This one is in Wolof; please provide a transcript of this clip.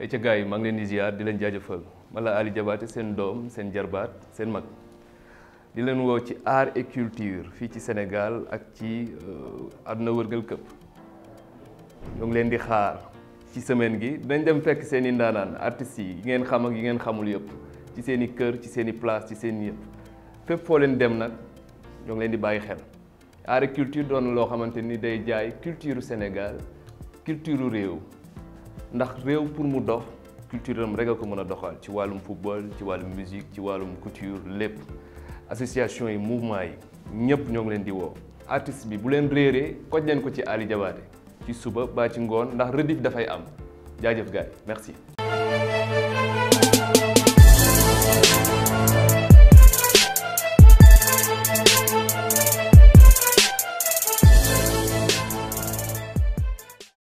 Eh, ca gars yi maa leen di ziar di leen jaajëfal man la Ali seen doom seen jarbaat seen mag di leen woo ci art et culture fii ci senegal ak ci euh, àdduna wërgal këpp ñoo ngi leen di xaar ci semaine gi dañ dem fekk seen i ndaanaan artistes yi yi ngeen xam ak yi ngeen xamul yëpp ci seen i kër ci seen i place ci seen i yëpp foo leen dem nag ñoo ngi leen di bàyyi xel art et culture doon loo xamante ni day jaay culture Sénégal culture réew ndax réew pour mu dox culture am rek a ko mën a doxal ci wàllum football ci wàllum musique ci wàllum couture lépp association yi mouvement yi ñëpp ñoo ngi leen di woo artiste bi bu leen réeree koj leen ko ci Ali Diabaté ci suba baa ci ngoon ndax rediff dafay am jaajëf gaay merci